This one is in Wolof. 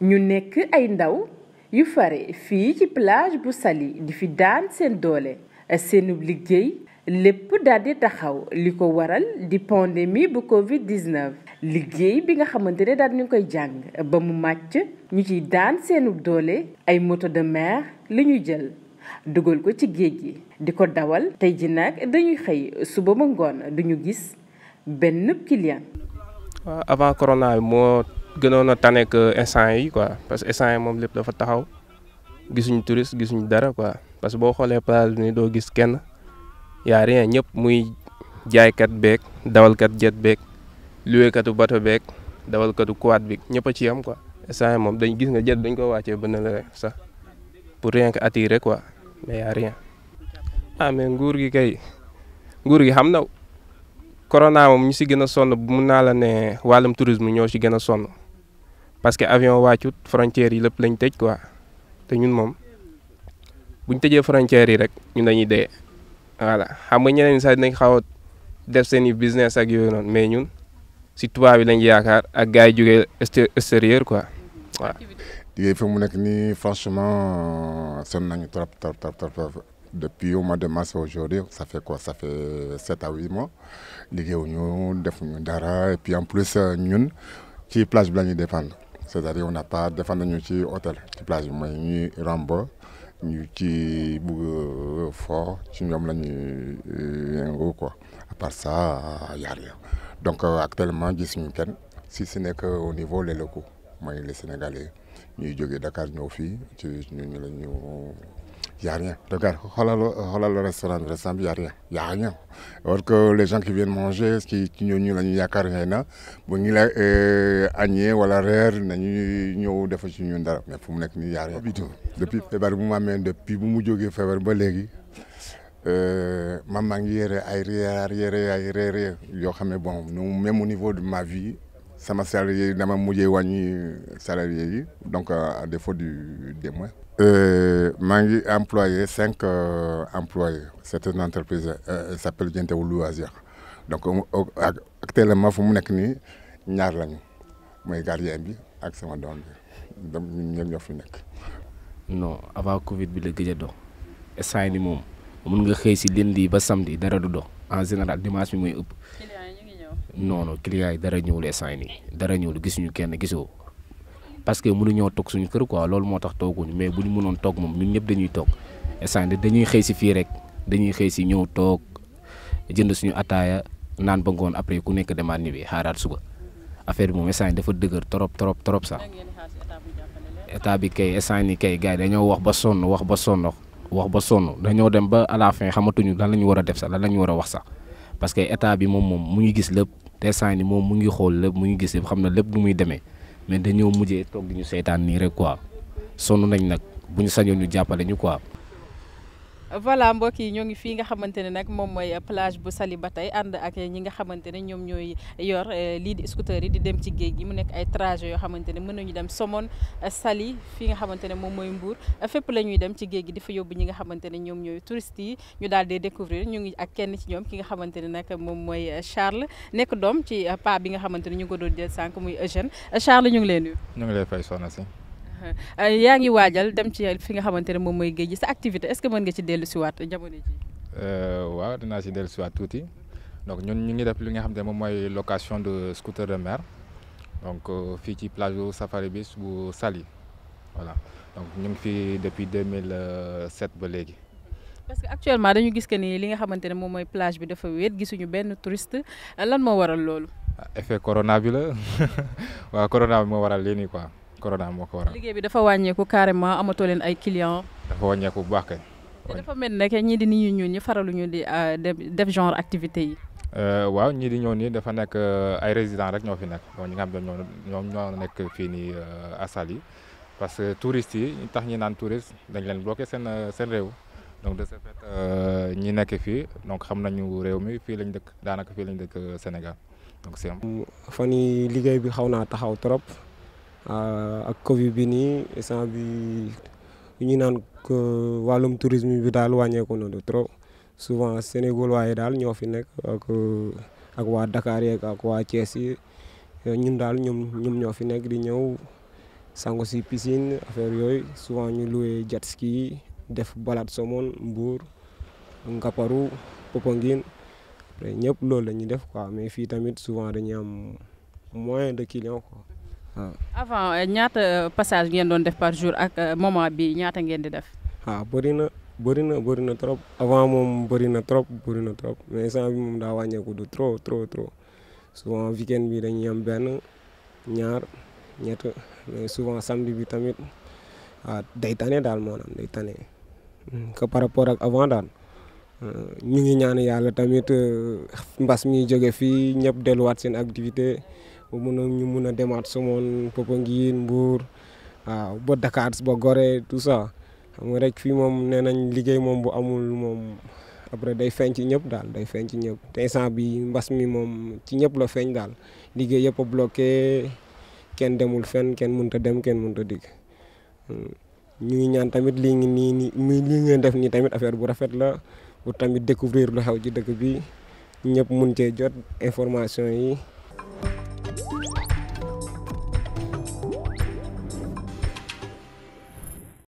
ñu nekk ay ndaw yu fare fii ci plage bu Saly di fi daan seen doole seenub liggéey lépp daal taxaw li ko waral di pandémie bu Covid 19. liggéey bi nga xamante ne daal ñu koy jàng ba mu màcc ñu ciy daan seenub doole ay moto de mer li ñu jël dugal ko ci géej gi. di ko dawal tey ji nag dañuy xëy suba ba ngoon duñu gis benn client. avant corona moo gënoon a tane que instant yi quoi parce que instant yi moom lépp dafa taxaw gisuñu touriste gisuñu dara quoi parce que boo xoolee plage ni doo gis kenn yaa rien ñëpp muy jaaykat beeg dawalkat jet beek luweekatu bato beeg dawalkatu quad bi ñëpp a ci yam quoi instant moom dañ gis nga jet dañ ko wàccee ba ne rek sax pour rien que attirer quoi mais yaa rien. ah nguur gi kay nguur gi xam na corona moom ñu si gën a sonn mun naa la ne wàllum tourisme ñoo si gën a sonn. parce que avion wàccut frontières yi lépp lañ tëj quoi te ñun moom buñ tejee frontières yi rek ñun dañuy dee voilà xam nga ñeneen sax dinañ xaw a def seen i business ak yooyu noonu mais ñun si tubaab yi lañ yaakaar ak gars yi jógee extérieur quoi voilà. liggéey fi mu nekk nii franchement sonn nañu trop trop trop trop depuis au mois de mars aujourd'hui ça fait quoi ça fait sept à huit mois liggéeyuñu defuñu dara et puis en plus euh, ñun ci place bi la ñuy dépendre. c'est-à-dire on n'a pas defal nañu ci hôtel ci plage bi mooy ñuy ramba ñu ci bugg euh, fort ci ñoom la ñuy euh, yëngu quoi à part ça y donc euh, actuellement gis ñu kenn si si nekk au niveau les ko mooy le Sénégalais ñuy jógee Dakar ñëw fii ci ñu la ñu y a rien. Regarde, regarde le restaurant, le restaurant, il n'y a rien. a rien. que les gens qui viennent manger, ce qui qui ñëw ñu la ñu yaakaar xëy na bu ñu la euh, añee wala reer nañu ñëw defa ci ñun dara mais fu mu nekk nii yaar a depuis feebar bu mu amee depuis bu mu jógee feebar ba léegi euh, man maa ngi yore ay reer yore ay reer yoo xam ne bon même au niveau de ma vie. sama salarié yi dama mujjee wàññi salarié yi donc à défaut du des mois Euh, maa ngi employé cinq euh, employés c'est une entreprise euh, s'appelle Jentewul Loisirs donc actuellement fu mu nekk nii ñaar lañu mooy gardien bi ak sama doom bi avant Covid bi la gëj a ni moom mun nga xëy si lundi ba samedi dara du dox en général dimanche bi mooy ëpp. non non client yi dara ñëwul instant nii dara ñëwul gisuñu kenn gisoo. parce que mënuñoo toog suñu kër quoi loolu moo tax tooguñu mais bu ñu mënoon toog moom ñun ñëpp dañuy toog instant dañuy xëy si fii rek dañuy xëy si ñëw toog jënd suñu ataaya naan ba ngoon après ku nekk demaat bi xaaraat suba affaire bi moom instant dafa dëgër trop trop trop sax état bi kay instant ni kay gars yi dañoo wax ba sonn wax ba sonn wax ba sonn dañoo dem ba à xamatuñu lan la ñu war a def sax lan la ñu war a wax sax parce que état bi moom moom mu ngi gis lépp te instant ni moom mu ngi xool mu ngi gis xam na lépp nu muy demee. mais dañoo mujjee toog ñu seetaan nii rek quoi sonn nañ nag bu ñu sañoon ñu jàppale ñu quoi. voilà mbokk yi ñoo ngi fii nga xamante ne nag moom mooy plage bu Saly ba tey ànd ak ñi nga xamante ne ñoom ñooy yor eh, lii di scooter yi di dem ci géej gi mu nekk ay trajet yoo xamante ne mën nañu dem Somone eh, sali fii nga xamante ne moom mooy Mbour eh, fépp la ñuy dem ci géej gi di fa yóbbu ñi nga xamante ne ñoom ñooy touristes yi ñu daal di découvrir ñu ngi ak kenn ci ñoom ki nga xamante ne nag moom mooy Charles nekk doom ci pa bi nga xamante ne ñu ngi ko doon jël sànq muy Eugène Charles ñu ngi leen nuyu. ñu ngi lay fay Euh, euh, yaa ngi waajal dem ci fi nga xamante ne moom mooy géej gi sa activité est-ce que mën nga ci dellu siwaat jamono ji euh, waaw dinaa si dellu siwaat tuuti donc ñun ñu ngi def li nga xam ne moom mooy location de de mer donc fii ci plage bu Safari bu Saly voilà donc ñu fii depuis 2007 ba léegi. parce que actuellement dañu gis que ni li nga xamante ne moom mooy plage bi dafa wéet gisuñu benn touriste lan moo waral loolu. Ah, effet corona bi la waaw corona bi moo waral lii nii quoi. corona moo ko waral. liggéey bi dafa wàññeeku carrément amatoo leen ay clients. dafa wàññeeku bu baax kay. te dafa mel ne ñii di nit ñu ñi faralu faraluñu di euh, def genre activité yi. Euh, waaw ñii di ñëw nii dafa nekk euh, ay résidents rek ñoo fi nekk ñi nga xam ne ñoom ñoo fii nii asal parce que touristes yi tax ñi naan touriste dañ leen bloqué seen seen réew donc de ce fait ñi nekk fii donc xam nañu réew mi fii lañ dëkk daanaka fii lañ dëkk Sénégal donc liggéey bi xaw naa taxaw trop. ak Covid bi nii instant bi ñu naan wàllum tourisme bi daal wàññeeku na de trop souvent Sénégal waaye daal ñoo fi nekk ak waa Dakar yeeg ak waa Thiès ñun daal ñoom ñoom ñoo fi nekk di ñëw sangu si piscine affaire yooyu souvent ñu loué jet ski def balade Somone Mbour Ngaparou Popenguine après ñëpp loolu la def quoi mais fii tamit souvent dañuy am moins de clients quoi. Ah. avant euh, ñaata euh, passage ngeen doon def par jour ak euh, moment bi ñaata ngeen di def. waaw ah, bëri na bëri na bëri na trop avant moom bëri na trop bëri na trop mais instant bi moom daa wàññeeku du trop trop trop souvent weekend bi dañuy am benn ñaar ñett mais souvent samedi bi tamit ah day tane daal maanaam day tane que par rapport ak avant daal. ñu ngi ñaan yàlla tamit mbas mi jóge fii ñëpp delluwaat seen activité bu mun a ñu mun a demaat Somone Popenguine Mbour waaw ba Dakar ba gore tout ça xam nga rek fii moom nee nañ liggéey moom bu amul moom après day feeñ ci ñëpp daal day feeñ ci ñëpp te instant bi mbas mi moom ci ñëpp la feeñ daal liggéey yëpp a bloqué kenn demul fenn kenn mënut a dem kenn mënut a digg hmm. ñuy ñaan tamit lii ngi nii nii muy lii ngeen def nii tamit affaire bu rafet la bu tamit découvrir lu xew ci dëkk bi ñëpp mun cee jot information yi